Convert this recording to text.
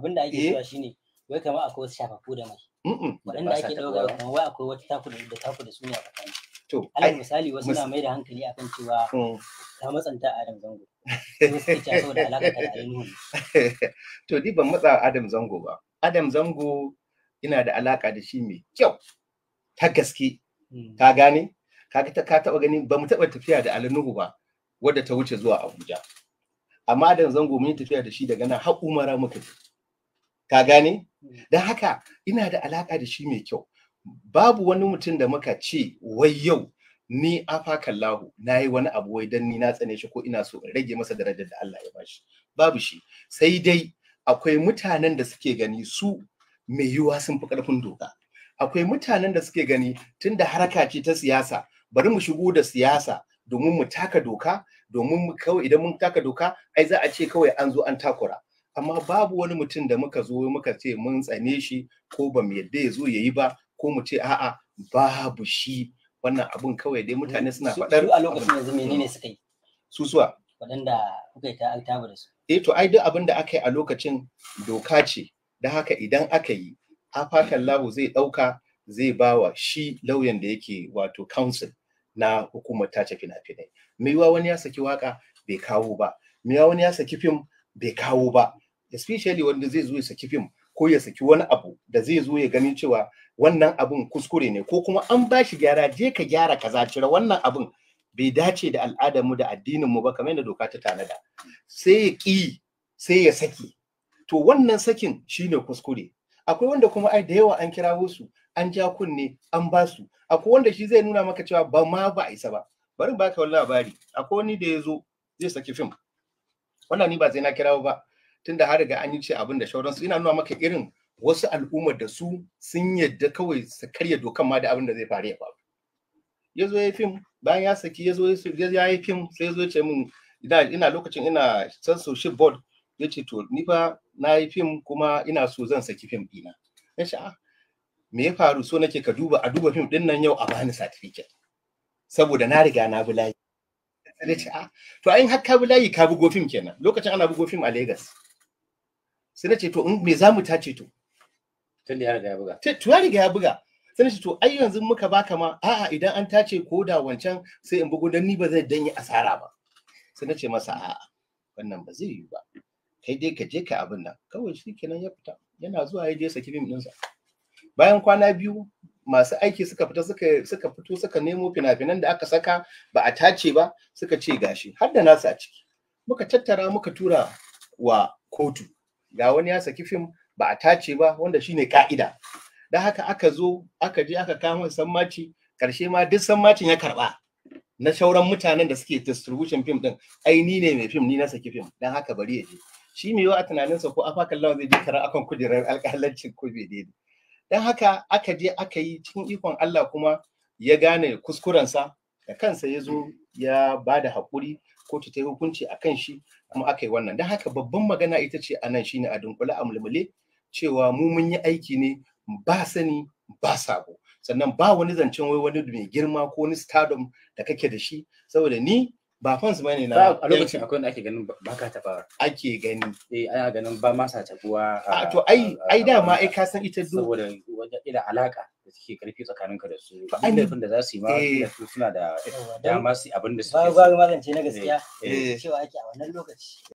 abin da ake eh. cewa shine wai kamar akwai wasu shafafu da mai waɗanda ake ɗaukar kuma wai akwai wata taku da taku da su ne a to alal misali wasu na mai da hankali akan cewa ta mm. matsanta Adam Zango to ni ban matsa Adam Zango ba Adam Zango ina da alaka da shi mai kyau ta gaske hmm. ka gane kaga ta ka taba gani ba mu taba tafiya da alnuhu ba wadda ta wuce zuwa Abuja amma Adam Zango mun tafiya da shi daga nan har Umara muka tafi ka gane mm. don haka ina da alaka da shi mai kyau babu wani mutum da muka ce wai yau ni kallahu na yi wani abu wai dan ni na tsane shi ko ina so in rage masa darajar da Allah ya bashi babu shi sai dai akwai mutanen da suke gani su mai yiwuwa sun fi karfin doka akwai mutanen da suke gani tun da haraka ce ta siyasa bari mu shigo da siyasa domin mu taka doka domin kawai idan mun taka doka ai za a ce kawai an zo an takura amma babu wani mutum da muka zo muka ce mun tsane shi ko ba mu yadda ya zo ya yi ba ko mu ce a'a babu shi wannan abun kawai dai mutane suna faɗar a lokacin yanzu menene suka yi su waɗanda kuka yi ta altaba da su eh to ai duk abin da aka yi a lokacin doka ce da haka idan aka yi a afatan lahu zai ɗauka zai bawa shi lauyan da yake wato council na hukumar tace fina-finai. Maiwa wani ya saki waka bai kawo ba, maiwa wani ya saki fim bai kawo ba, especially wanda zai zo ya saki fim ko ya saki wani abu da zai zo ya ganin cewa wannan abun kuskure ne ko kuma an ba shi gyara je ka gyara kaza cire wannan abun bai dace da mu da addinin mu ba kamar yadda doka ta tanada sai ya ƙi sai ya saki to wannan sakin shine kuskure akwai wanda kuma ai da yawa an kirawo su an ja kunne an ba su akwai wanda shi zai nuna maka cewa ba ma ba a isa ba bari baka wani labari akwai wani da ya zo zai saki fim wannan ni ba zai na kirawo ba tunda har riga an yi ce abin da shauransu ina nuna maka irin wasu al'ummar da su sun yadda kawai su karya dokan ma da abin da zai faru ya faru ya zo ya fim bayan ya saki ya zo ya yi fim sai ya zo ya ce min ina lokacin ina censorship board ya ce to ni fa na yi fim kuma ina so zan saki fim ɗina ya ce ah, me ya faru so nake ka duba a duba fim ɗin nan yau a bani certificate saboda na riga na bi layi ya ce a ah, to ayin har ka bi layi ka bugo fim kenan lokacin ana bugo fim a Legas. sai ce to me za mu tace to tunda ya riga ya buga to ya riga ya buga sai ce to ai yanzu muka baka ma a'a idan an tace ko da wancan sai in bugu dan ni ba zai danyi asara ba sai ce masa a'a wannan ba zai yi ba kai dai ka je ka abin nan kawai shi kenan ya fita yana zuwa ya je saki fim ɗinsa bayan kwana biyu masu aiki suka fita suka suka fito suka nemo fina-finan da aka saka ba a tace ba suka ce gashi har da nasu a ciki muka tattara muka tura wa kotu ga wani ya saki fim ba a tace ba wanda shine ka'ida Don haka aka zo aka je aka kama sammaci karshe ma duk sammacin ya karba na shauran mutanen da suke distribution fim din ai ni ne mai fim ni na saki fim dan haka bari ya je shi mai yawa a tunaninsa ko afakan lawa zai je karar akan kujerar alƙalancin ko bai daidai dan haka aka je aka yi cikin ikon Allah kuma ya gane kuskurensa da kansa ya zo ya ba da haƙuri kotu ta yi hukunci a kan shi kuma aka yi wannan don haka babban magana ita ce a nan shine a dunkule a mulmule cewa mu mun yi aiki ne ba sani ba sabo sannan ba wani zancen wai wani mai girma ko wani stardom da kake da shi saboda ni ba fans ba ne na a lokacin akwai wanda ake ganin ba ka taɓa ake gani eh ana ganin ba masa sa tabuwa a to ai ai dama ai ka san ita saboda wajen ila alaka da suke karfi ka da su ba laifin da za su yi ma eh. su suna da dama su abin da su ba ba magance na gaskiya eh, eh. cewa ake a wannan lokaci